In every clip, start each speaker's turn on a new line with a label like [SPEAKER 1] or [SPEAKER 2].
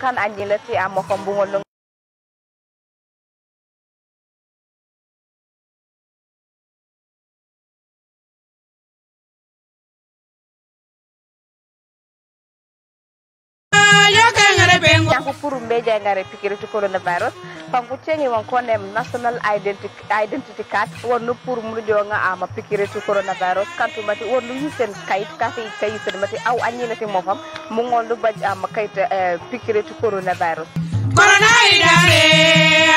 [SPEAKER 1] kan anjing leti amo kombungo
[SPEAKER 2] Nyangupuru mbejengare pikiriti coronavirus kanko teŋi won kone national
[SPEAKER 3] identity card wonno pour muluƴonga ama pikiriti coronavirus kantumati wonno yusen kayit kase kayisenmati aw añinati mo fam mo gonɗo baɗi ama kayita eh,
[SPEAKER 2] pikiriti coronavirus corona idare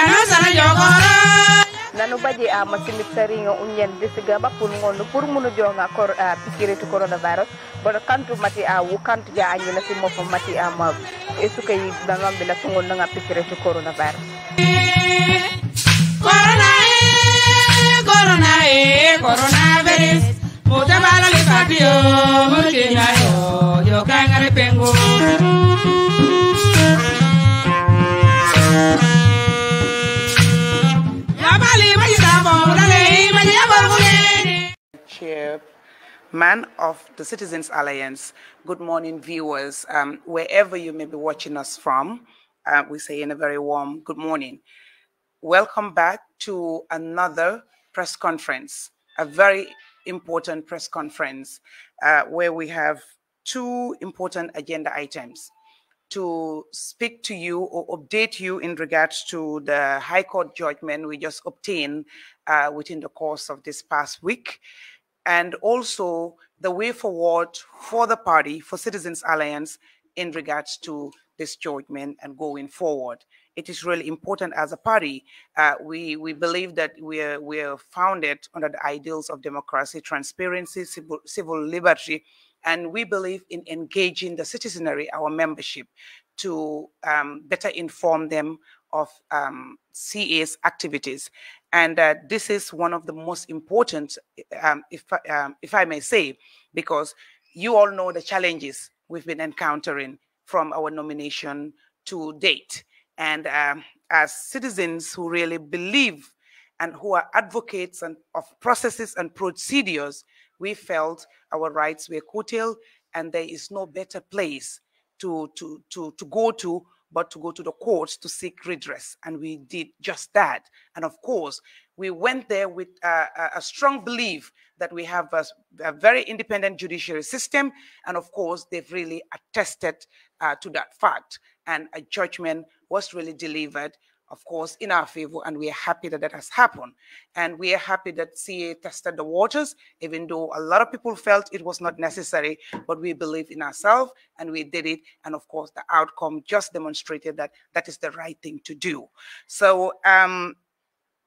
[SPEAKER 2] anasana jogoro
[SPEAKER 3] nanu baje a masimi sariŋo um ñande ba bappul gonɗo pur munu jonga kor a pikiretu
[SPEAKER 2] coronavirus boɗo kantu mati a wu kantu ja na simo fo mati a ma e suka yi nangambe la tungol nanga pikiretu coronavirus corona e corona e corona virus bala coronavirus mutabalale fatio mutinayo jokangare pengo Thank you. man of the Citizens Alliance. Good morning, viewers. Um, wherever you may be watching us from, uh, we say in a very warm good morning. Welcome back to another press conference, a very important press conference uh, where we have two important agenda items to speak to you or update you in regards to the High Court judgment we just obtained uh, within the course of this past week and also the way forward for the party, for Citizens Alliance, in regards to this judgment and going forward. It is really important as a party. Uh, we, we believe that we are, we are founded under the ideals of democracy, transparency, civil, civil liberty, and we believe in engaging the citizenry, our membership, to um, better inform them of um, CA's activities and uh, this is one of the most important, um, if, um, if I may say, because you all know the challenges we've been encountering from our nomination to date. And um, as citizens who really believe and who are advocates and, of processes and procedures, we felt our rights were curtailed and there is no better place to, to, to, to go to but to go to the courts to seek redress. And we did just that. And of course, we went there with a, a strong belief that we have a, a, very independent judiciary system. And of course, they've really attested uh, to that fact. And a judgment was really delivered of course, in our favor, and we are happy that that has happened. And we are happy that CA tested the waters, even though a lot of people felt it was not necessary, but we believe in ourselves and we did it. And of course, the outcome just demonstrated that that is the right thing to do. So um,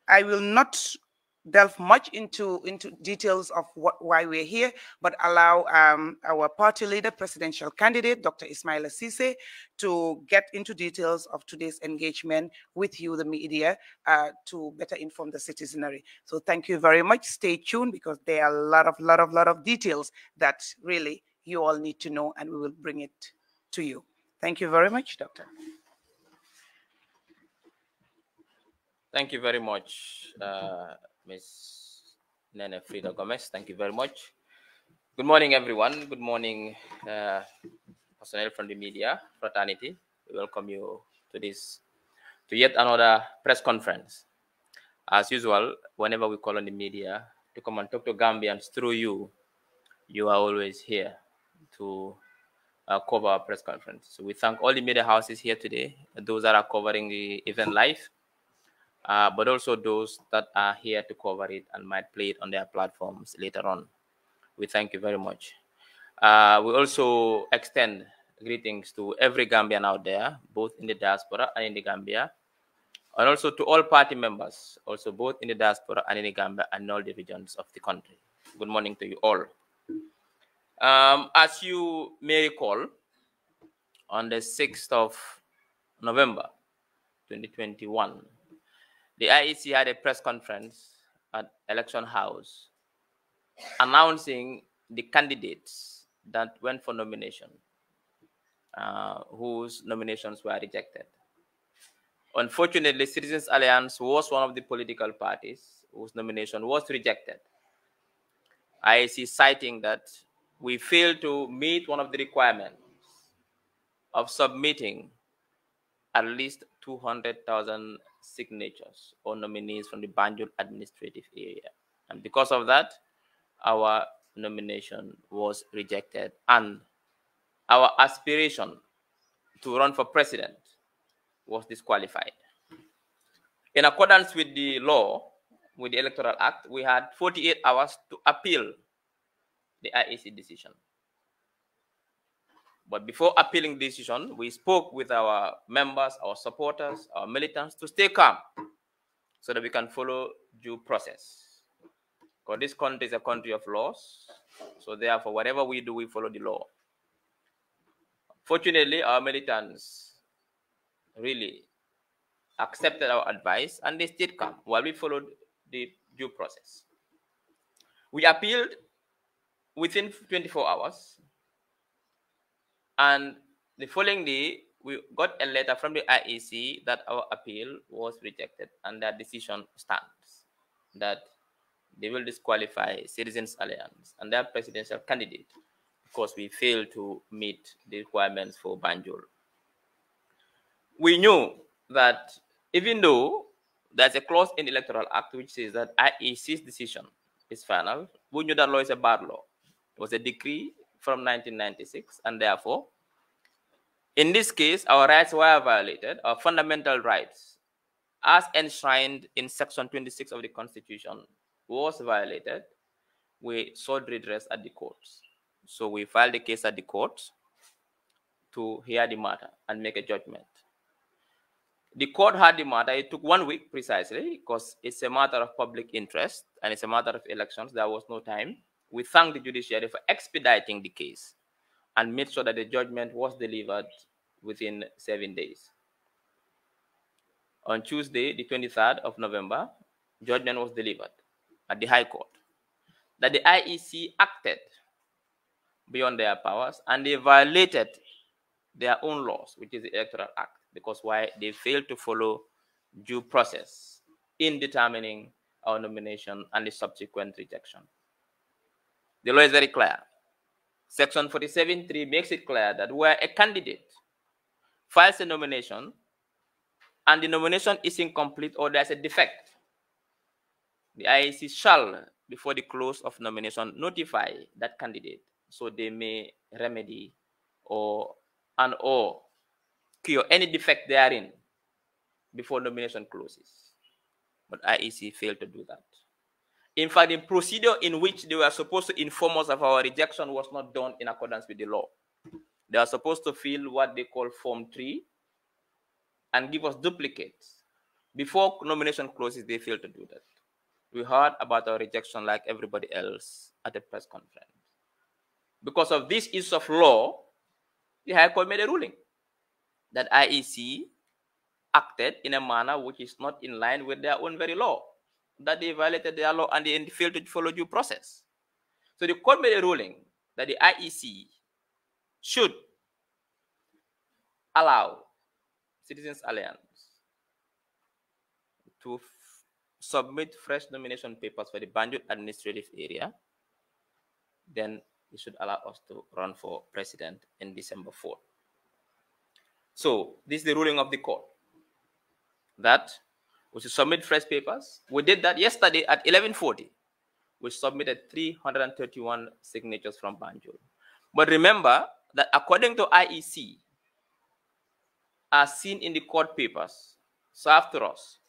[SPEAKER 2] I will not delve much into into details of what why we're here, but allow um, our party leader, presidential candidate, Dr. Ismail Assise, to get into details of today's engagement with you, the media, uh, to better inform the citizenry. So thank you very much. Stay tuned because there are a lot of lot of lot of details that really you all need to know, and we will bring it to you. Thank you very much, Doctor.
[SPEAKER 3] Thank you very much. Uh, Miss Nene Frida Gomez. Thank you very much. Good morning, everyone. Good morning, uh, personnel from the media fraternity. We welcome you to this, to yet another press conference. As usual, whenever we call on the media to come and talk to Gambians through you, you are always here to uh, cover our press conference. So we thank all the media houses here today, those that are covering the event live, uh, but also those that are here to cover it and might play it on their platforms later on. We thank you very much. Uh, we also extend greetings to every Gambian out there, both in the diaspora and in the Gambia, and also to all party members, also both in the diaspora and in the Gambia and all the regions of the country. Good morning to you all. Um, as you may recall, on the 6th of November 2021, the IEC had a press conference at Election House announcing the candidates that went for nomination, uh, whose nominations were rejected. Unfortunately, Citizens Alliance was one of the political parties whose nomination was rejected. IEC citing that we failed to meet one of the requirements of submitting at least 200,000 signatures or nominees from the Banjul administrative area. And because of that, our nomination was rejected. And our aspiration to run for president was disqualified. In accordance with the law, with the Electoral Act, we had 48 hours to appeal the IEC decision. But before appealing decision, we spoke with our members, our supporters, our militants to stay calm so that we can follow due process. Because this country is a country of laws. So therefore, whatever we do, we follow the law. Fortunately, our militants really accepted our advice and they stayed calm while we followed the due process. We appealed within 24 hours and the following day, we got a letter from the IEC that our appeal was rejected and that decision stands that they will disqualify Citizens Alliance and their presidential candidate because we failed to meet the requirements for Banjul. We knew that even though there's a clause in the Electoral Act which says that IEC's decision is final, we knew that law is a bad law. It was a decree from 1996 and therefore in this case our rights were violated our fundamental rights as enshrined in section 26 of the constitution was violated we sought redress at the courts so we filed a case at the courts to hear the matter and make a judgment the court had the matter. It took one week precisely because it's a matter of public interest and it's a matter of elections. There was no time we thank the judiciary for expediting the case and made sure that the judgment was delivered within seven days. On Tuesday, the 23rd of November, judgment was delivered at the High Court that the IEC acted beyond their powers and they violated their own laws, which is the Electoral Act, because why they failed to follow due process in determining our nomination and the subsequent rejection. The law is very clear. Section 47.3 makes it clear that where a candidate files a nomination and the nomination is incomplete or there's a defect, the IEC shall, before the close of nomination, notify that candidate so they may remedy or and or cure any defect therein before nomination closes. But IEC failed to do that. In fact, the procedure in which they were supposed to inform us of our rejection was not done in accordance with the law. They are supposed to fill what they call Form 3 and give us duplicates. Before nomination closes, they failed to do that. We heard about our rejection like everybody else at the press conference. Because of this issue of law, the High Court made a ruling that IEC acted in a manner which is not in line with their own very law that they violated their law and they failed to follow due process. So the court made a ruling that the IEC should allow Citizens Alliance to submit fresh nomination papers for the Banjul administrative area. Then it should allow us to run for president in December 4th. So this is the ruling of the court that we to submit fresh papers. We did that yesterday at 11:40. We submitted 331 signatures from Banjul. But remember that according to IEC, as seen in the court papers, so after us,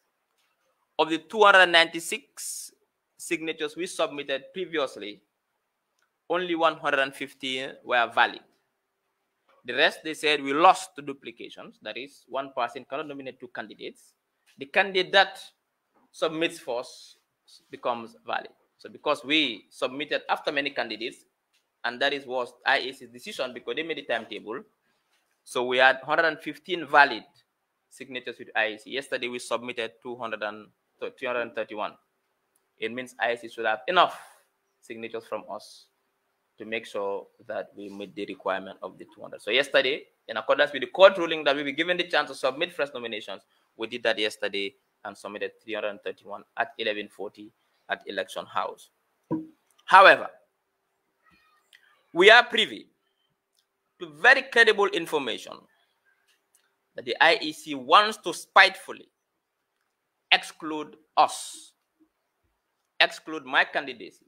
[SPEAKER 3] of the 296 signatures we submitted previously, only 115 were valid. The rest, they said, we lost to duplications. That is, one person cannot nominate two candidates the candidate submits first becomes valid. So because we submitted after many candidates, and that is was IAC's decision because they made the timetable. So we had 115 valid signatures with IAC. Yesterday we submitted 200 and 331. It means IAC should have enough signatures from us to make sure that we meet the requirement of the 200. So yesterday, in accordance with the court ruling that we were given the chance to submit fresh nominations, we did that yesterday and submitted 331 at 1140 at Election House. However, we are privy to very credible information that the IEC wants to spitefully exclude us, exclude my candidacy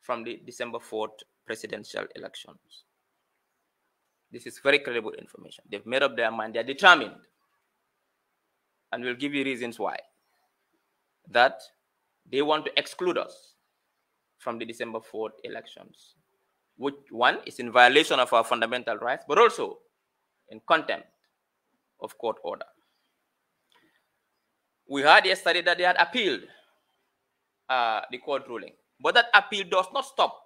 [SPEAKER 3] from the December 4th presidential elections. This is very credible information. They've made up their mind. They're determined and we'll give you reasons why, that they want to exclude us from the December 4th elections, which one is in violation of our fundamental rights, but also in contempt of court order. We heard yesterday that they had appealed uh, the court ruling, but that appeal does not stop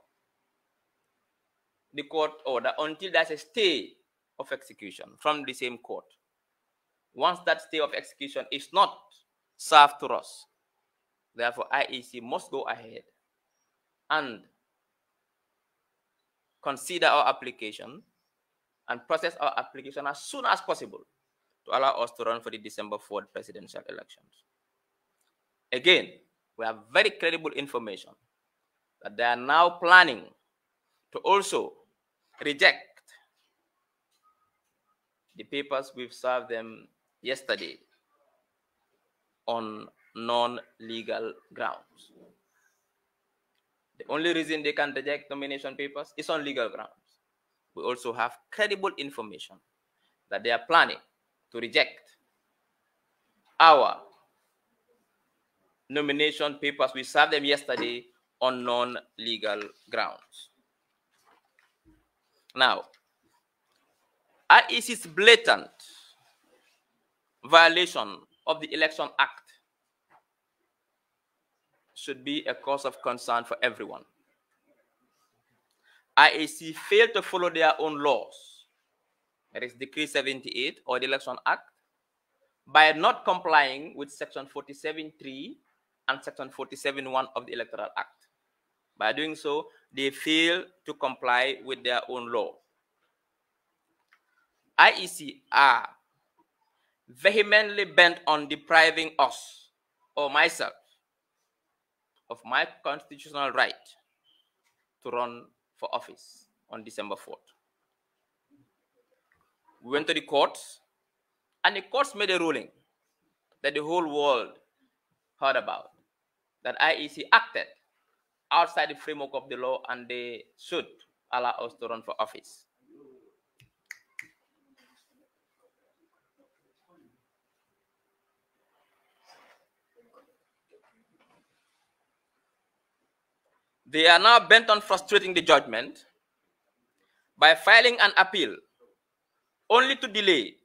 [SPEAKER 3] the court order until there's a stay of execution from the same court once that stay of execution is not served to us. Therefore, IEC must go ahead and consider our application and process our application as soon as possible to allow us to run for the December 4th presidential elections. Again, we have very credible information that they are now planning to also reject the papers we've served them yesterday on non-legal grounds. The only reason they can reject nomination papers is on legal grounds. We also have credible information that they are planning to reject our nomination papers. We served them yesterday on non-legal grounds. Now, IEC's blatant violation of the Election Act should be a cause of concern for everyone. IEC failed to follow their own laws, that is Decree 78 or the Election Act, by not complying with Section 47.3 and Section 47.1 of the Electoral Act. By doing so, they failed to comply with their own law. IEC are vehemently bent on depriving us or myself of my constitutional right to run for office on December 4th. We went to the courts, and the courts made a ruling that the whole world heard about that IEC acted outside the framework of the law and they should allow us to run for office. They are now bent on frustrating the judgment by filing an appeal only to delay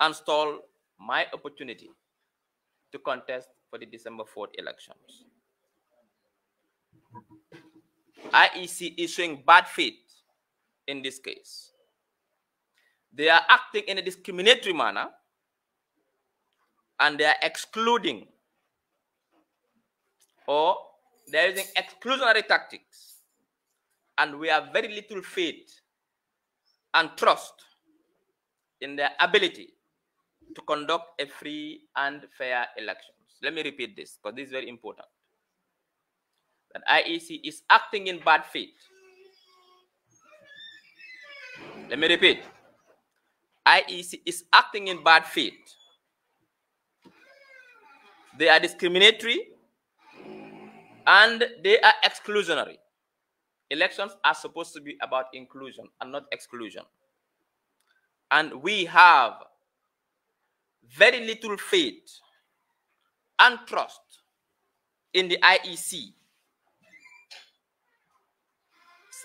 [SPEAKER 3] and stall my opportunity to contest for the December 4th elections. IEC is showing bad faith in this case. They are acting in a discriminatory manner and they are excluding or they are using exclusionary tactics. And we have very little faith and trust in their ability to conduct a free and fair elections. Let me repeat this because this is very important. That IEC is acting in bad faith. Let me repeat. IEC is acting in bad faith. They are discriminatory and they are exclusionary. Elections are supposed to be about inclusion and not exclusion. And we have very little faith and trust in the IEC's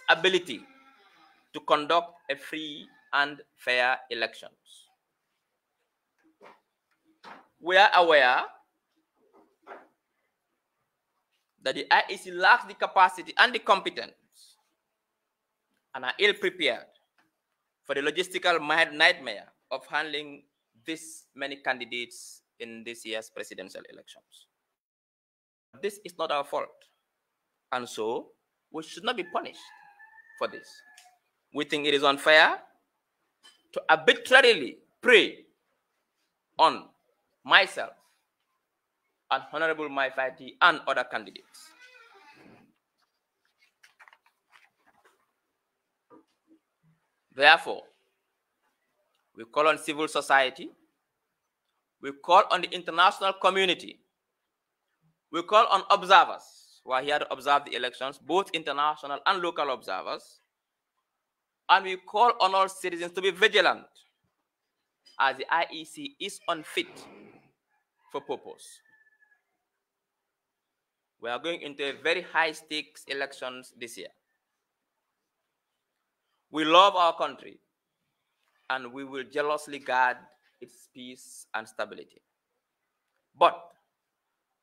[SPEAKER 3] ability to conduct a free and fair elections. We are aware that the IEC lacks the capacity and the competence and are ill prepared for the logistical nightmare of handling this many candidates in this year's presidential elections. This is not our fault. And so we should not be punished for this. We think it is unfair to arbitrarily prey on myself and Honorable Mai and other candidates. Therefore, we call on civil society, we call on the international community, we call on observers who are here to observe the elections, both international and local observers, and we call on all citizens to be vigilant as the IEC is unfit for purpose. We are going into a very high stakes elections this year. We love our country and we will jealously guard its peace and stability. But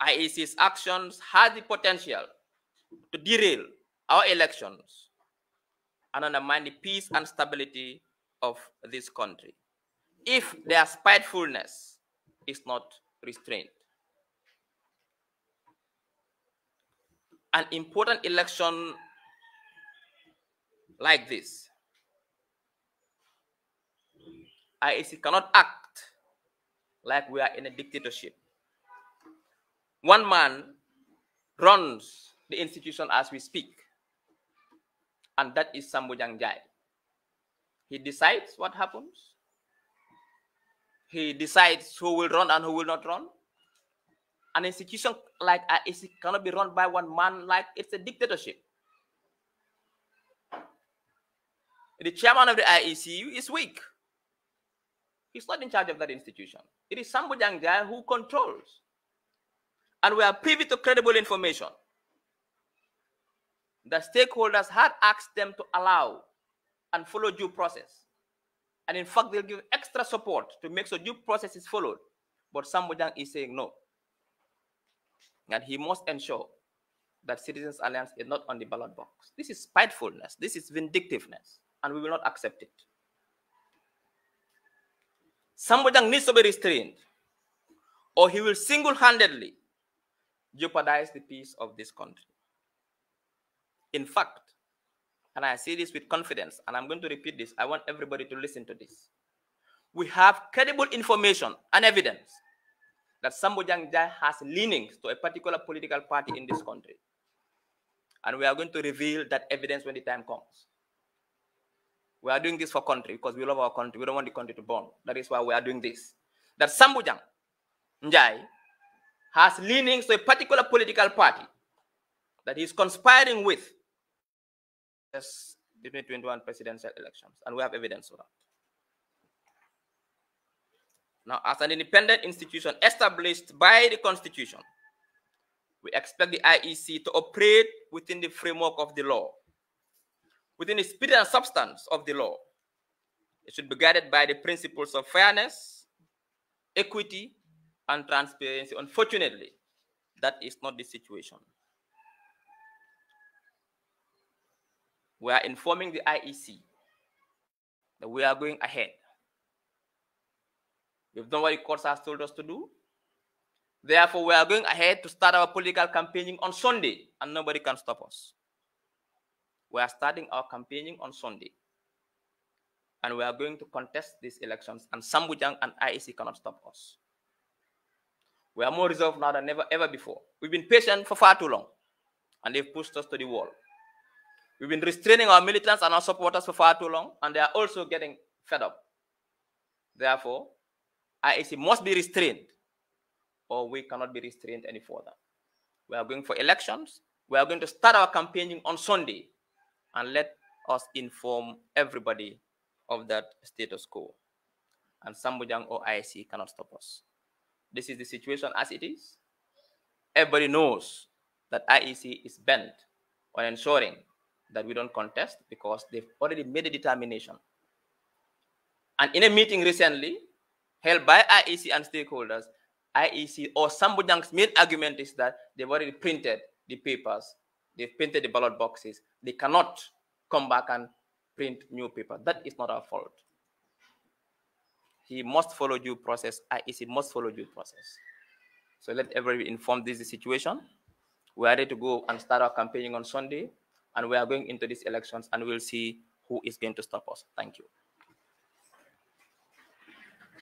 [SPEAKER 3] IEC's actions had the potential to derail our elections and undermine the peace and stability of this country if their spitefulness is not restrained. an important election like this, IEC cannot act like we are in a dictatorship. One man runs the institution as we speak, and that is Sambo Jai. He decides what happens. He decides who will run and who will not run. An institution like a, uh, it's gonna be run by one man like it's a dictatorship the chairman of the IECU is weak he's not in charge of that institution it is Sambojang guy who controls and we are privy to credible information the stakeholders had asked them to allow and follow due process and in fact they'll give extra support to make sure due process is followed but Sambojang is saying no and he must ensure that Citizens Alliance is not on the ballot box. This is spitefulness. This is vindictiveness. And we will not accept it. Sambojang needs to be restrained, or he will single handedly jeopardize the peace of this country. In fact, and I say this with confidence, and I'm going to repeat this, I want everybody to listen to this. We have credible information and evidence that Sambojang has leanings to a particular political party in this country. And we are going to reveal that evidence when the time comes. We are doing this for country because we love our country. We don't want the country to burn. That is why we are doing this. That Sambojang Njai has leanings to a particular political party that he's conspiring with. Yes, 2021 presidential elections. And we have evidence for that. Now, as an independent institution established by the Constitution, we expect the IEC to operate within the framework of the law, within the spirit and substance of the law. It should be guided by the principles of fairness, equity, and transparency. Unfortunately, that is not the situation. We are informing the IEC that we are going ahead We've done what the courts has told us to do. Therefore, we are going ahead to start our political campaigning on Sunday, and nobody can stop us. We are starting our campaigning on Sunday. And we are going to contest these elections, and Sambujang and IEC cannot stop us. We are more resolved now than ever, ever before. We've been patient for far too long, and they've pushed us to the wall. We've been restraining our militants and our supporters for far too long, and they are also getting fed up. Therefore, IEC must be restrained or we cannot be restrained any further. We are going for elections. We are going to start our campaigning on Sunday and let us inform everybody of that status quo. And Sambujang or IEC cannot stop us. This is the situation as it is. Everybody knows that IEC is bent on ensuring that we don't contest because they've already made a determination. And in a meeting recently, held by IEC and stakeholders, IEC or Sambojang's main argument is that they've already printed the papers, they've printed the ballot boxes. They cannot come back and print new paper. That is not our fault. He must follow due process. IEC must follow due process. So let everybody inform this is the situation. We are ready to go and start our campaigning on Sunday, and we are going into these elections, and
[SPEAKER 2] we'll see who is going to stop us. Thank you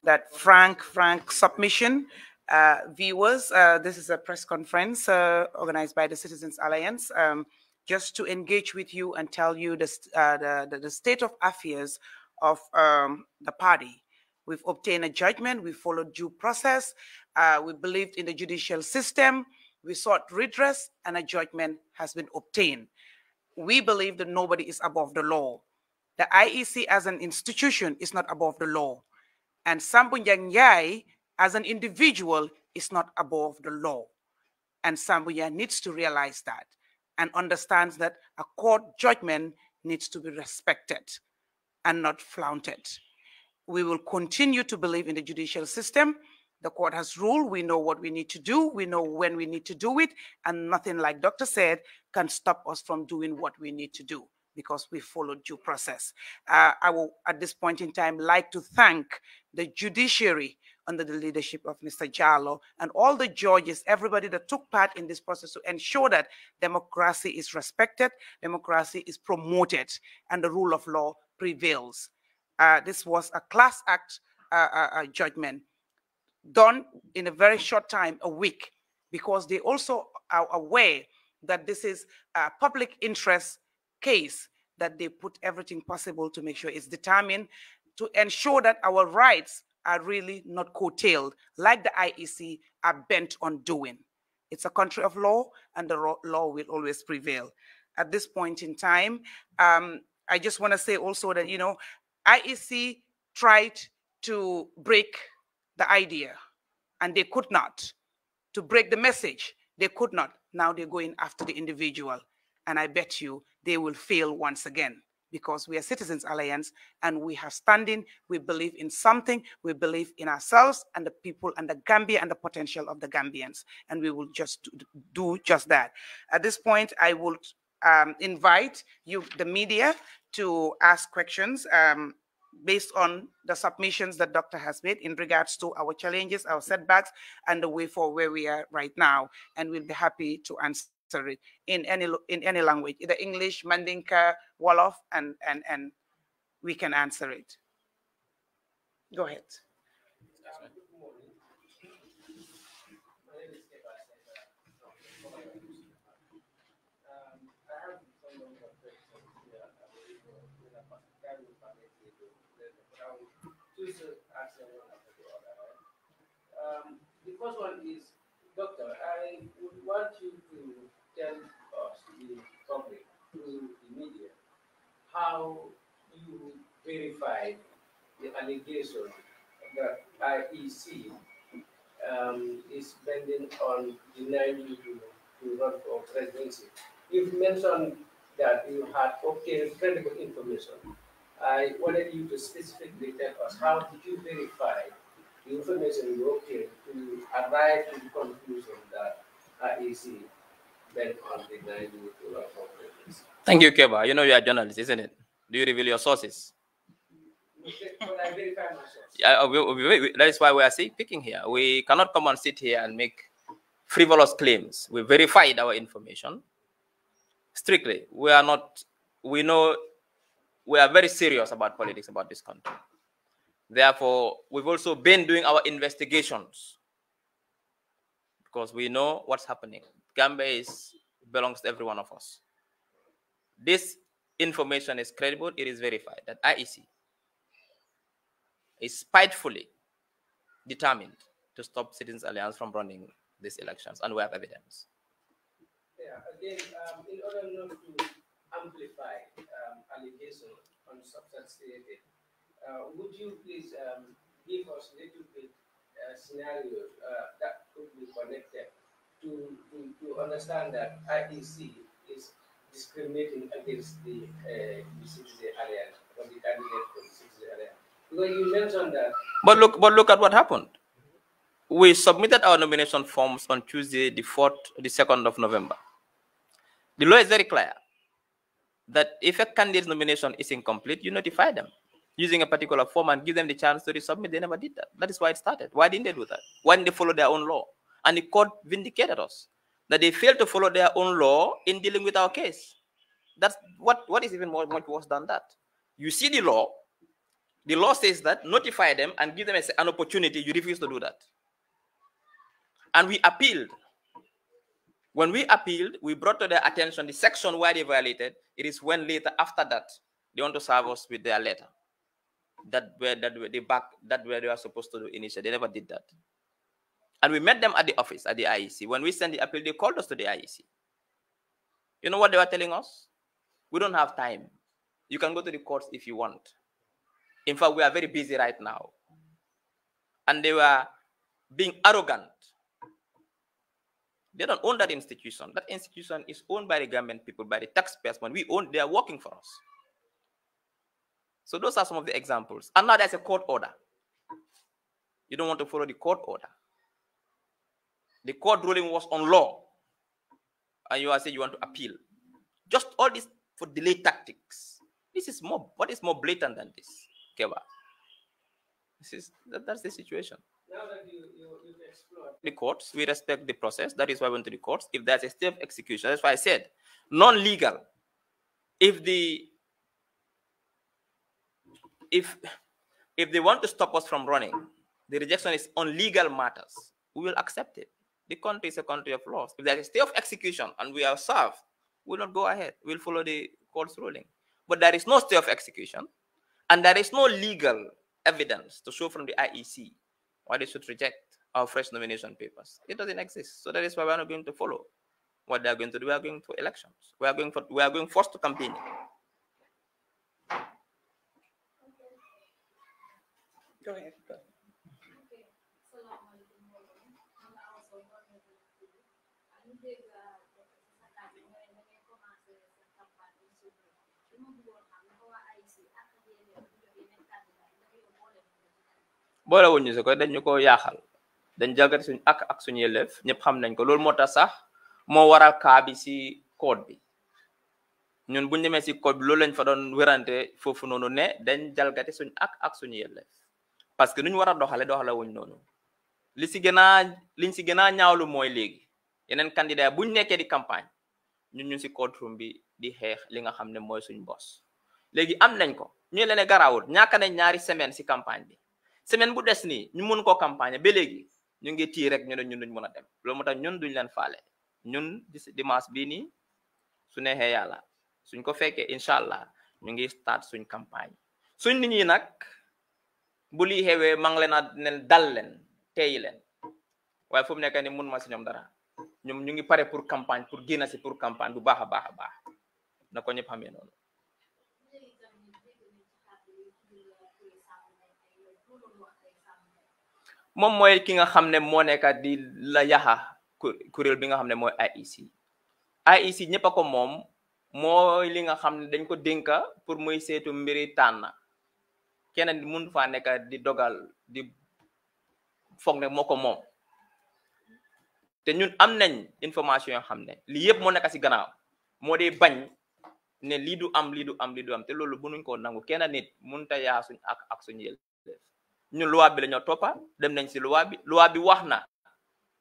[SPEAKER 2] that frank, frank submission. Uh, viewers, uh, this is a press conference uh, organized by the Citizens Alliance. Um, just to engage with you and tell you the, uh, the, the, state of affairs of um, the party. We've obtained a judgment. We followed due process. Uh, we believed in the judicial system. We sought redress, and a judgment has been obtained. We believe that nobody is above the law. The IEC as an institution is not above the law. And Sambunyan as an individual, is not above the law. And Sambuya needs to realize that and understands that a court judgment needs to be respected and not flaunted. We will continue to believe in the judicial system. The court has ruled. We know what we need to do. We know when we need to do it. And nothing, like Doctor said, can stop us from doing what we need to do because we followed due process. Uh, I will, at this point in time, like to thank the judiciary under the leadership of Mr. Jallo and all the judges, everybody that took part in this process to ensure that democracy is respected, democracy is promoted, and the rule of law prevails. Uh, this was a class act uh, uh, uh judgment done in a very short time, a week, because they also are aware that this is a public interest case that they put everything possible to make sure it's determined to ensure that our rights are really not curtailed, like the IEC are bent on doing. It's a country of law, and the law will always prevail. At this point in time, um, I just want to say also that, you know, IEC tried to break the idea, and they could not. To break the message, they could not. Now they're going after the individual. And I bet you they will fail once again because we are Citizens Alliance and we have standing. We believe in something. We believe in ourselves and the people and the Gambia and the potential of the Gambians. And we will just do just that. At this point, I will um, invite you, the media, to ask questions. Um, based on the submissions that doctor has made in regards to our challenges, our setbacks, and the way for where we are right now. And we'll be happy to answer sorry, in any in any language, either English, Mandinka, Wolof, and and and we can answer it. Go ahead.
[SPEAKER 1] Um, the first one is Doctor, I would want you to tell us, the public, through the media, how you verified the allegation that IEC um, is bending on denying you to, to run for presidency. You've mentioned that you had obtained credible information. I wanted you to specifically tell us how did you verify information you obtain to arrive to the conclusion that IEC bet on the to nuclear operators.
[SPEAKER 3] Thank you, Keba. You know you are a journalist, isn't it? Do you reveal your sources? yeah, uh, that is why we are see, picking here. We cannot come and sit here and make frivolous claims. We verified our information strictly. We are not, we know, we are very serious about politics about this country. Therefore, we've also been doing our investigations because we know what's happening. Gambia is, belongs to every one of us. This information is credible, it is verified that IEC is spitefully determined to stop Citizens Alliance from running these elections, and we have evidence.
[SPEAKER 1] Yeah, again, um, in order not to amplify um, allegations unsubstantiated, uh, would you please um, give us a little bit uh, scenarios uh, that could be connected to, to, to understand that IEC is discriminating against the, uh, the citizen alliance or the candidate for the citizen alliance? Because you mentioned that.
[SPEAKER 2] But look, but look
[SPEAKER 3] at what happened. We submitted our nomination forms on Tuesday, the 4th, the 2nd of November. The law is very clear that if a candidate's nomination is incomplete, you notify them using a particular form and give them the chance to resubmit. They never did that. That is why it started. Why didn't they do that? Why didn't they follow their own law? And the court vindicated us that they failed to follow their own law in dealing with our case. That's what, what is even more much worse than that. You see the law, the law says that notify them and give them an opportunity. You refuse to do that. And we appealed. When we appealed, we brought to their attention the section where they violated. It is when later, after that, they want to serve us with their letter that were that were they back that where they were supposed to do initially. They never did that. And we met them at the office at the IEC. When we sent the appeal, they called us to the IEC. You know what they were telling us? We don't have time. You can go to the courts if you want. In fact, we are very busy right now. And they were being arrogant. They don't own that institution. That institution is owned by the government people, by the taxpayers. When we own, they are working for us. So those are some of the examples. And now there's a court order. You don't want to follow the court order. The court ruling was on law. And you are saying you want to appeal. Just all this for delay tactics. This is more, what is more blatant than this, Keba? This is, that, that's the situation.
[SPEAKER 1] You, you, you
[SPEAKER 3] the courts, we respect the process. That is why we went to the courts. If there's a stay of execution, that's why I said non-legal. If the if if they want to stop us from running, the rejection is on legal matters. We will accept it. The country is a country of laws. If there is a stay of execution and we are served, we'll not go ahead. We'll follow the court's ruling. But there is no stay of execution, and there is no legal evidence to show from the IEC why they should reject our fresh nomination papers. It doesn't exist. So that is why we are not going to follow what they are going to do. We are going for elections. We are going for we are going forced to campaign.
[SPEAKER 1] Go ahead. Go ahead. Okay. Assalamualaikum warahmatullahi dan
[SPEAKER 3] boole wuñu ko dañu ak ak suñu yelleef ñëpp xam nañ ko loolu moo tax sax moo waral kaa bi si code bi ñun buñ demee si code bi loolu lañ fa doon wérante foofu ne dañ jalgati suñ ak ak suñu yelleef parce que nuñ wara doxale doxala wuñ noonu li ci gëna liñ ci gëna ñaawlu moy légui yenen candidat buñ nekké di campagne ñun ñu si room bi di xex li nga xam moy suñ boss légui am nañ ko ñu leen garawul ñaaka nañ ñaari semaine si campagne bi semaine bu dess ni ñu mën ko campagne ba légui ñu ngi ti rek ñu ñu ñun dem lo moo tax ñun duñ leen faalé ñun dimanche bi ni su nexé yalla suñ ko inshallah ñu ngi start suñ campagne suñ nit ñi nak bu lii xewee mang leen nen dal len teey len way fu nekk ni mun ma ci ñom dara ñom ñu ngi pare pour campagne pour génn ci pour campagne du baax a baax nako ñep non mom moy ki nga xamné mo di la yaha kurel bi nga xamné moy AIC IEC IEC ñëpp a e e ko moom mooy li nga xamné dañ ko denka pour moy sétu mbiri di mun fa nek di dogal di foog ne moo ko te ñun am nañ information yo xam li lii mo nek ci si gannaaw bañ ne li du am li du am li du am lolu bu ñu ko nangu kenn nit mënut a ya suñ ak ak suñ yel ñun loi bi lañu topa dem nañ si loi bi loi bi waxna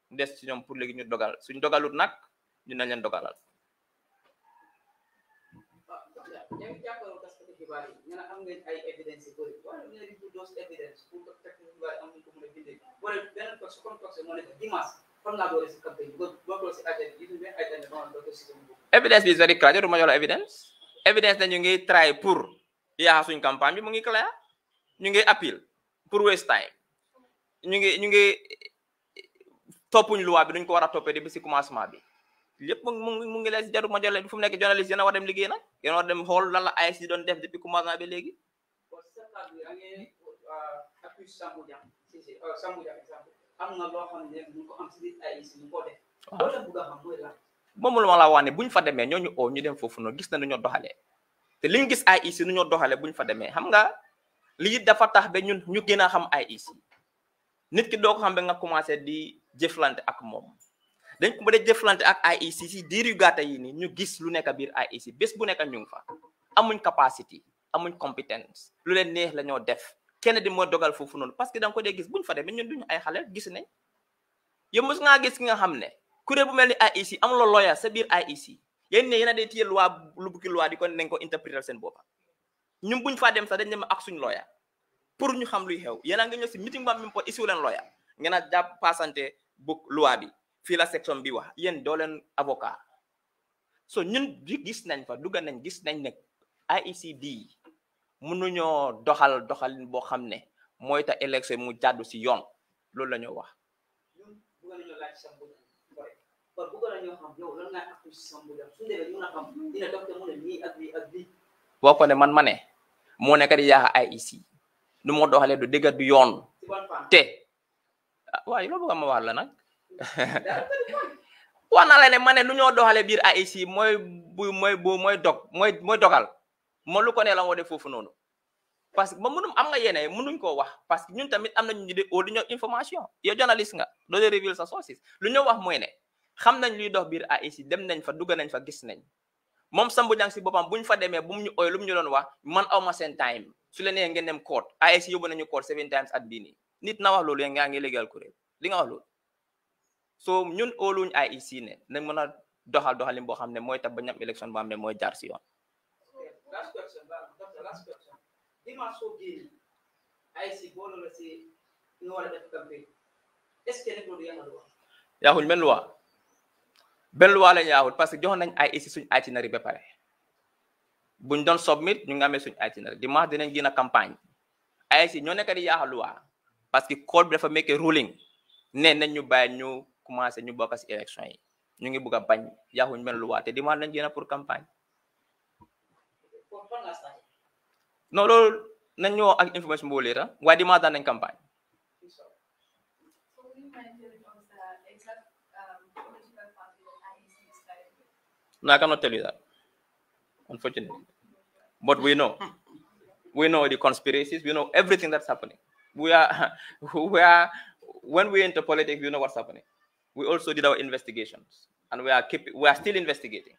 [SPEAKER 3] na ci si pour légui ñu dogal suñ dogalut nak ñu nañ leen dogalal.
[SPEAKER 1] Evidence yi am ngeen ay evidence yu bëri waaye ñu ne di dose évidence pour que teg xibaar am ko mën a bindee wala beneen tox kon tox moo nekk dimanche kon laa campagne yi ñu
[SPEAKER 3] ay is very clear duma yola evidence evidence na ngi try pour yaa suñ campagne bi mu ngi clair ñu ngi appeal pour waste time ñu ngi ñu ngi toppuñ loi bi duñ ko war depuis commencement bi lepp mu ngi mu ngi lay jaru ma jël fu mu nekk journaliste yéen a war dem liggéey nag yéen war dem xool lan la ic di doon def depuis commencement ba léegi. moom lu ma la wax ne buñ fa demee ñoo ñu ñu dem foofu noonu gis na nu ñoo te liñ gis AIC nu ñoo buñ fa xam nga dafa tax ñun ñu xam nit ki doo ko xam nga commencé di jëflante ak mom dañ ko mën jëflante ak IEC ci diir yu gata yi ni ñu gis lu nekk biir IEC bës bu nekk ñu fa amuñ capacity amuñ compétence lu leen neex la def kenn di mo dogal fofu non parce que dañ ko dé gis buñ fa dé ñun duñu ay xalé gis nañ yow mos gis ki nga xamné ne bu melni IEC IEC amuloo lawyer sa biir IEC yeen ne yena dé day loi lu ki loi di ko nañ ko interpréter sen bopa ñun buñ fa dem sa dañ dem ak suñ lawyer pour ñu xam luy xew yena nga ñëw si meeting ba am même pour issue leen lawyer Ngena japp passanté bu loi bi fii la section bi wax yéen doo leen avocat so ñun di gis nañ fa dugga nañ gis nañ ne IEC bii mënuñoo doxal doxalin boo xam ne mooy ta élection mu jàddu si yoon loolu la wax. wo ko ne man ma ne moo nekk di yaaxa IEC nu moo doxalee du dëgg du yoon te ah, waaye loolu bëgg ma wax la nag. wana naa la ne ma ne nu ñoo doxale biir AIC bu moy bu moy dog moy moy dogal mo lu ko ne la moo def fofu nonu parce que ba mënum am nga yene mënuñ ko wax parce que ñun tamit am nañu ñu di audio information journaliste nga do dee reveal sa sources lu ñu wax moy ne xam nañ luy dox biir AIC dem nañ fa dugg nañ fa gis nañ mom sambu si bopam buñ fa démé bu mu ñu oy lu ñu wax man awma sen time su la nee ngeen dem court AIC yobu nañu court seven times at bini nit na wax loolu nga ngi légal kuréel li nga wax lolu soo ñun óoluñ IEC ne nañ mën a doxal doxalin boo xam ne mooy tax ba ñam élection boo xam ne mooy jaar si yoon. yaaxuñ benn loi benn loi lañ yaaxul parce que joxoon nañ IEC suñ itinéraire ba pare buñ doon submit ñu ngi amee suñ itinéraire dimanche dinañ gën a campagne IEC ñoo nekk di yaaxal loi parce que code bi dafa mekkee ne nañ ñu bàyyi ñu. commencé ñu bokk election élection yi ñu ngi bu campagne mel mana waté di demande nañ jëna pour campagne non loolu nañ ñoo ak information boobu wa di ma dañ campagne No, I cannot nah, tell you that, unfortunately. But we know. We know the conspiracies. We know everything that's happening. We are, we are when we enter politics, we know what's happening. we also did our investigations and we are keep, we are still investigating.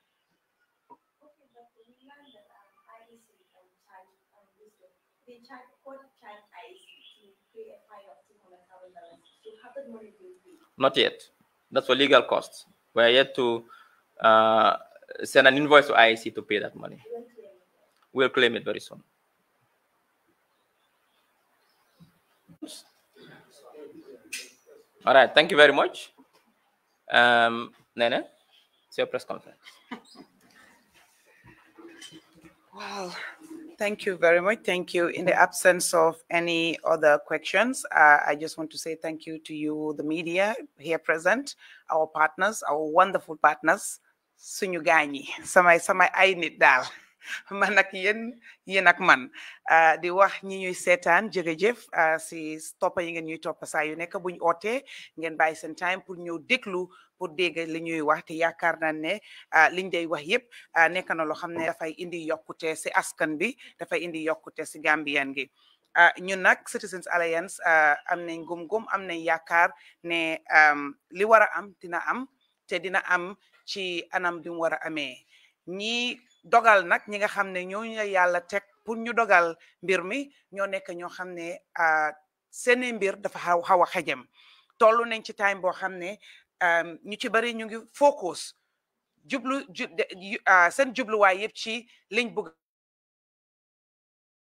[SPEAKER 3] Not yet. That's for legal costs. We are yet to uh, send an invoice to IEC to pay that money. We'll claim it very soon. All right. Thank you very much. Um, Nana, it's your press conference.
[SPEAKER 2] Well, thank you very much. Thank you. In the absence of any other questions, uh, I just want to say thank you to you, the media here present, our partners, our wonderful partners, Sunyugani. gaañ yi samay samay ay man ak yéen yéen ak man ah, di wax ñi ñuy seetaan jege jërëjëf ah, si toppa yi ngeen ñuy topp saa yu nekk buñ ootee ngeen bàyyi seen time pour ñëw déglu pour dégg li ñuy wax te yaakaar naa ne ah, liñ day wax yëpp nekk na loo xam ne dafay indi yokkute si askan bi dafay indi yokkute si Gambian gi ñun nag Citizens Alliance am nañ gum-gum am nañ yaakaar ne li war a am dina am te dina am ci anam bi mu war a amee dogal nak ñi nga xam ne ñooñu la yàlla teg pour ñu dogal mbir mi ñoo nekk ñoo xam ne ah, seeni mbir dafa xaw xaw a xejem toll nañ ci time boo xam ne ñu ci bari ñu ngi focus jublu ah, seen jubluwaay yëpp ci liñ bëgg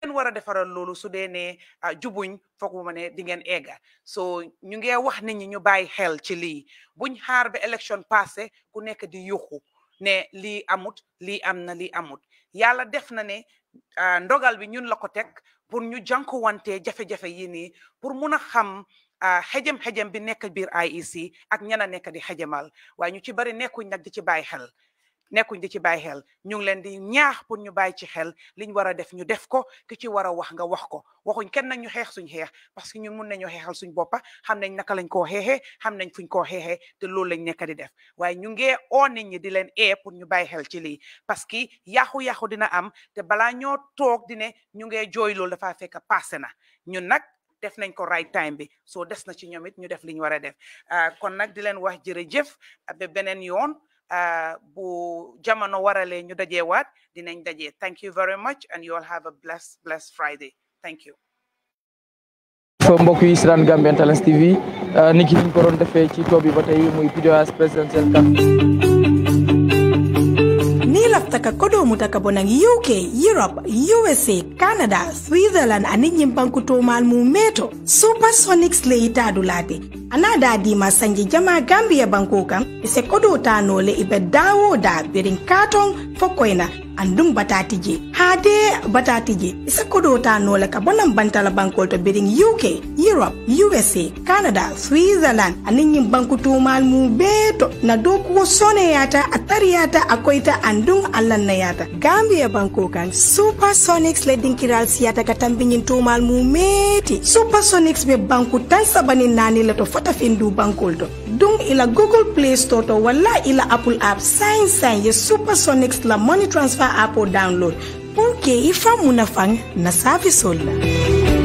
[SPEAKER 2] ngeen war a defaral loolu su dee ne ah, jubuñ foog mu ne di ngeen egga so ñu ngi wax nit ñi ñu bàyyi xel ci lii buñ xaar ba élection passé ku nekk di yuxu ne lii amut lii am na lii amut yàlla def na ne ah, ndogal bi ñun la ko teg pour ñu jànkuwante jafe-jafe yi nii pour mun a xam ah, xejem-xejem bi nekk biir IEC ak ñan a nekk di xejemal waaye ñu ci bari nekkuñ nag di ci bàyyi xel nekkuñ di ci bàyyi xel ñu ngi leen di ñaax pour ñu bàyyi ci xel liñ war a def ñu def ko ki ci war a wax nga wax ko waxuñ kenn nag ñu xeex suñ xeex parce que ñun mun nañoo xeexal suñ boppa xam nañ naka lañ ko xeexee xam nañ fuñ koo xeexee te loolu lañ nekk di def waaye ñu ngee oo nit ñi di leen ee pour ñu bàyyi xel ci lii parce que yàqu-yàqu dina am te balaa ñoo toog di ne ñu ngee jooy loolu dafaa fekk passé na ñun nag def nañ ko right time bi so des na ci ñoom it ñu def li ñu def ah, kon nak di leen wax jërëjëf ba beneen yoon uh, bu jamono ñu dinañ thank you very much and you all have a blessed blessed Friday thank you
[SPEAKER 1] fo yi Gambian TV
[SPEAKER 3] uh, ñu ko ci presidential
[SPEAKER 2] taka mu taka bonang uk europe usa canada switzerland ani ñimbanku tomal mu meto supersonic le itadu a ana da dima sanji jama gambia banko kan ise kodo tanole ibe dawo da birin katon fokoyna andum batatije hade batatije isakodota nola ka bonan bantala bankol to birin uk europe usa canada switzerland anin yin banku tumal mu beto na dokugo sone yata a tariyata a koita allan na yata gambia banko kan supersonics le dinkiral siyata yin to mal mu meti supersonics be banku tan sabani nani la to fota findu bankol to dung ila google play store to wala ila apple app sign sign ye supersonics la money transfer transfer app or download. Punke ifa munafang na service la.